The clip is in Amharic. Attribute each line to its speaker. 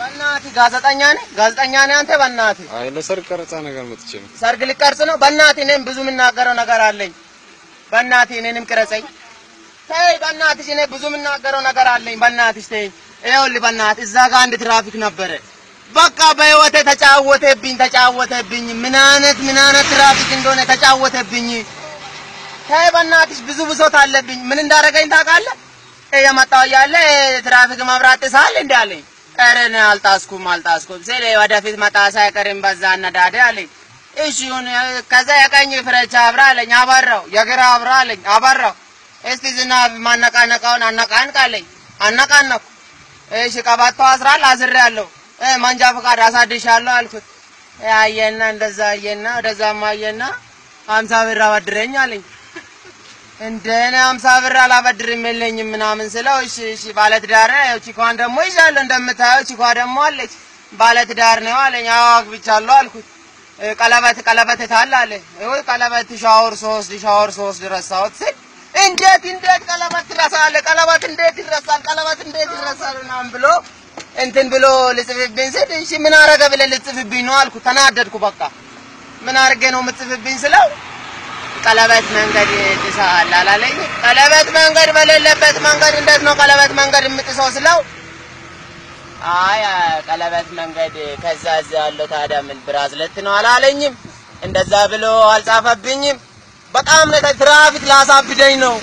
Speaker 1: በእናትህ ጋዜጠኛ ነህ? ጋዜጠኛ ነህ አንተ? በእናትህ
Speaker 2: አይ፣ ለሰርግ ቀረጻ ነገር መጥቼ ነው።
Speaker 1: ሰርግ ልቀርጽ ነው? በእናትህ እኔም ብዙ የምናገረው ነገር አለኝ። በእናትህ እኔንም ቅረጸኝ። ተይ፣ በእናትሽ እኔ ብዙ የምናገረው ነገር አለኝ። በእናትሽ ተይ። ይኸውልህ፣ በእናትህ እዛ ጋር አንድ ትራፊክ ነበረ። በቃ በህይወቴ ተጫወተብኝ፣ ተጫወተብኝ። ምን አይነት ምን አይነት ትራፊክ እንደሆነ ተጫወተብኝ። ተይ፣ በእናትሽ ብዙ ብሶት አለብኝ። ምን እንዳደረገኝ ታውቃለህ? እየመጣሁ እያለ ትራፊክ መብራት ጥሳል እንዳለኝ ቀረን አልጣስኩም አልጣስኩም ስል ወደፊት መጣሳ አይቀርም በዛ አነዳደ አለኝ። እሺውን ከዛ የቀኝ ፍረቻ አብራ አለኝ አበራው፣ የግራ አብራ አለኝ አበራው። እስቲ ዝናብ ማነቃነቃውን አነቃንቅ አለኝ አነቃነኩ። እሺ ቀበቶ አስራል አስሬያለሁ፣ መንጃ ፈቃድ አሳድሻለሁ አልኩት። አየና እንደዛ አየና ወደዛማ አየና ሀምሳ ብር አበድረኝ አለኝ። እንደ እኔ አምሳ ብር አላበድርም የለኝም ምናምን ስለው እሺ እሺ ባለትዳር ነህ? ቺኳን ደግሞ ይዣለሁ እንደምታየው ቺኳ ደግሞ አለች። ባለትዳር ነው አለኝ። አዎ አግብቻለሁ አልኩት። ቀለበት ቀለበት ታለ አለ። ይኸው ቀለበት ሻወር ሶስት ሻወር ሶስት ረሳሁት ስል እንዴት እንዴት ቀለበት ትረሳለህ? ቀለበት እንዴት ይረሳል? ቀለበት እንዴት ይረሳል? ምናምን ብሎ እንትን ብሎ ልጽፍብኝ ስል እሺ ምን አረገ ብለህ ልጽፍብኝ ነው አልኩ ተናደድኩ። በቃ ምን አርገ ነው የምጽፍብኝ ስለው ቀለበት መንገድ ጥሰሃል አላለኝ። ቀለበት መንገድ በሌለበት መንገድ እንዴት ነው ቀለበት መንገድ የምጥሰው ስለው፣ አይ ቀለበት መንገድ ከዛ እዛ ያለው ታዲያ ምን ብራዝለት ነው አላለኝም። እንደዛ ብሎ አልጻፈብኝም። በጣም ነው ትራፊክ ላሳብደኝ ነው